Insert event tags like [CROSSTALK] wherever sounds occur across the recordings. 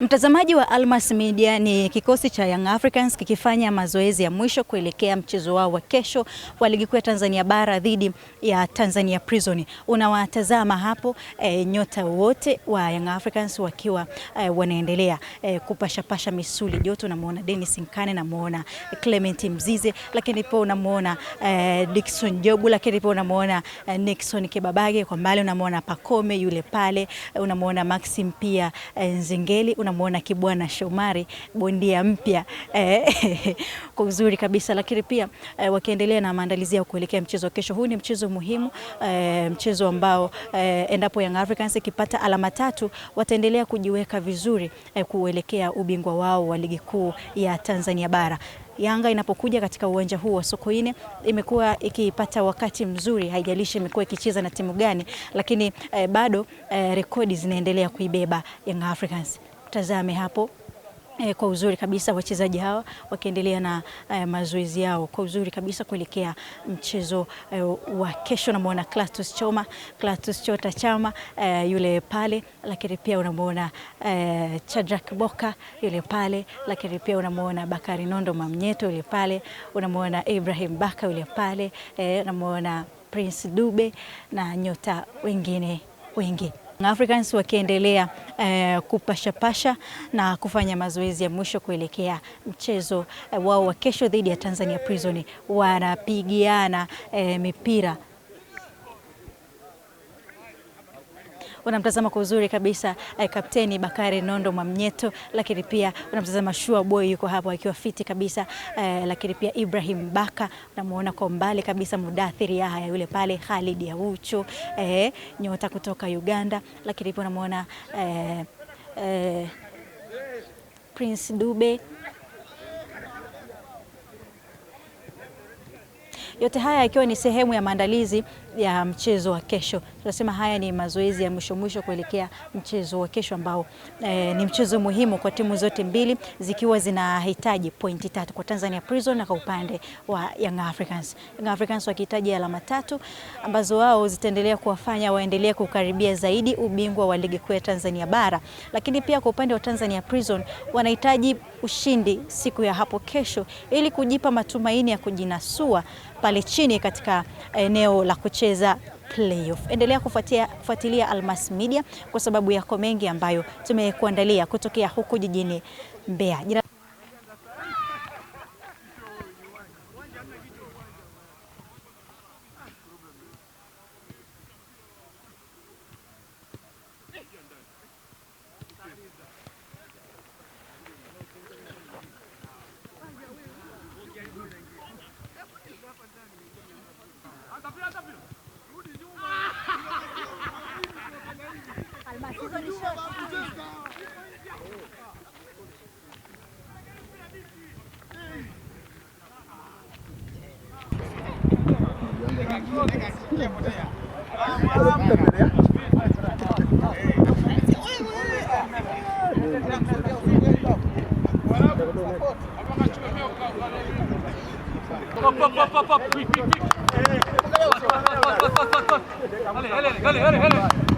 Mtazamaji wa Almas Media, ni kikosi cha Young Africans kikifanya mazoezi ya mwisho kuelekea mchezo wao wa kesho wa ligi kuu ya Tanzania bara dhidi ya Tanzania Prison. Unawatazama hapo e, nyota wote wa Young Africans wakiwa e, wanaendelea e, kupashapasha misuli joto. Unamuona Dennis Nkane, namuona Clement Mzize, lakini pia unamuona e, Dickson Jobu, lakini pia unamuona e, Nixon Kebabage, kwa mbali unamuona Pakome yule pale, unamuona Maxim pia e, Nzingeli una unamwona Kibwana Shomari bondia mpya eh, [LAUGHS] kwa uzuri kabisa, lakini pia eh, wakiendelea na maandalizi ya kuelekea mchezo kesho. Huu ni mchezo muhimu eh, mchezo ambao eh, endapo Young Africans ikipata alama tatu wataendelea kujiweka vizuri eh, kuelekea ubingwa wao wa ligi kuu ya Tanzania bara. Yanga inapokuja katika uwanja huu wa Sokoine imekuwa ikipata wakati mzuri, haijalishi imekuwa ikicheza na timu gani, lakini eh, bado eh, rekodi zinaendelea kuibeba Young Africans tazame hapo e, kwa uzuri kabisa wachezaji hawa wakiendelea na e, mazoezi yao kwa uzuri kabisa kuelekea mchezo e, wa kesho. Unamwona Clatous Choma, Clatous Chota Chama e, yule pale, lakini pia unamwona e, Chadrak Boka yule pale, lakini pia unamwona Bakari Nondo Mamnyeto yule pale, unamwona Ibrahim Baka yule pale e, unamwona Prince Dube na nyota wengine wengi. Africans wakiendelea eh, kupashapasha na kufanya mazoezi ya mwisho kuelekea mchezo eh, wao wa kesho dhidi ya Tanzania Prison. Wanapigiana eh, mipira unamtazama kwa uzuri kabisa eh, Kapteni Bakari Nondo Mwamnyeto, lakini pia unamtazama Shua Boy yuko hapo akiwa fiti kabisa eh, lakini pia Ibrahim Baka unamuona kwa mbali kabisa, Mudathiri Yahya yule pale, Khalid Yaucho eh, nyota kutoka Uganda, lakini pia unamuona eh, eh, Prince Dube yote haya ikiwa ni sehemu ya maandalizi ya mchezo wa kesho. Tunasema haya ni mazoezi ya mwisho mwisho kuelekea mchezo wa kesho ambao eh, ni mchezo muhimu kwa timu zote mbili zikiwa zinahitaji pointi tatu kwa Tanzania Prison na kwa upande wa Young Africans. Young Africans wakihitaji alama tatu ambazo wao zitaendelea kuwafanya waendelee kukaribia zaidi ubingwa wa ligi kuu ya Tanzania bara, lakini pia kwa upande wa Tanzania Prison wanahitaji ushindi siku ya hapo kesho ili kujipa matumaini ya kujinasua pale chini katika eneo la kucheza playoff. Endelea kufuatilia Almas Media kwa sababu yako mengi ambayo tumekuandalia kutokea huku jijini Mbeya. Hop hop hop hop quick quick quick Allez allez allez allez allez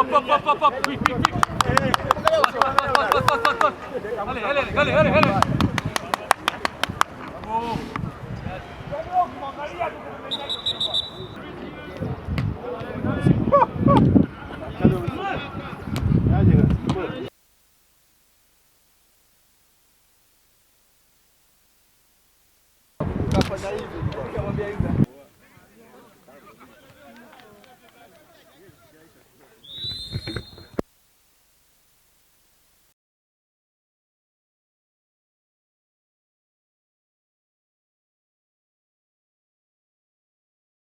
Hop hop hop hop hop. Quick quick quick. Bas bas bas bas bas bas bas. Hele hele hele hele hele. Oh. Kafa da iyi. Kafa bir